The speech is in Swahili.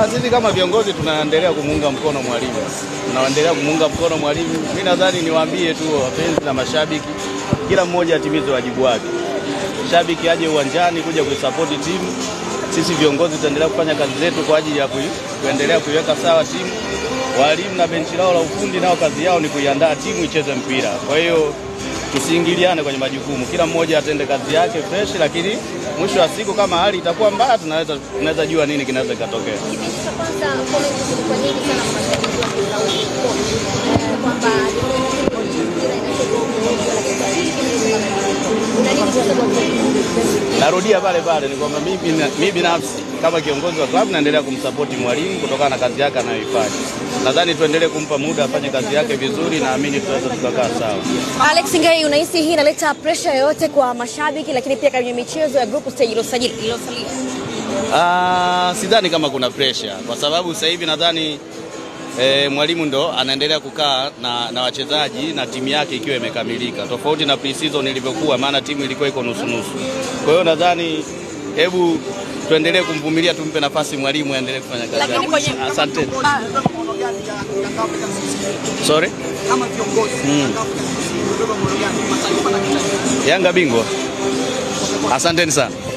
Ah, sisi kama viongozi tunaendelea kumuunga mkono mwalimu, tunaendelea kumuunga mkono mwalimu. Mimi nadhani niwaambie tu wapenzi na mashabiki, kila mmoja atimize wajibu wake. Shabiki aje uwanjani kuja kuisapoti timu. Sisi viongozi tutaendelea kufanya kazi zetu kwa ajili ya kuendelea kuiweka sawa timu. Walimu na benchi lao la ufundi nao kazi yao ni kuiandaa timu icheze mpira. Kwa hiyo tusiingiliane kwenye majukumu, kila mmoja atende kazi yake fresh, lakini mwisho wa siku kama hali itakuwa mbaya, tunaweza tunaweza jua nini kinaweza kikatokea. Narudia pale pale ni kwamba mimi binafsi kama kiongozi wa klabu naendelea kumsapoti mwalimu kutokana na kazi yake anayoifanya nadhani tuendelee kumpa muda afanye kazi yake vizuri, naamini tutaweza tukakaa sawa. Alex Ngai, unahisi hii inaleta pressure yoyote kwa mashabiki, lakini pia kwenye michezo ya group stage iliyosalia? Ah, sidhani kama kuna pressure kwa sababu sasa hivi nadhani E, mwalimu ndo anaendelea kukaa na, na wachezaji na timu yake ikiwa imekamilika, tofauti na pre-season ilivyokuwa, maana timu ilikuwa iko nusu nusu. Kwa hiyo nadhani hebu tuendelee kumvumilia, tumpe nafasi mwalimu aendelee kufanya kazi. Asante. Ah, Sorry? Kama viongozi mm. Yanga bingwa. Asanteni sana.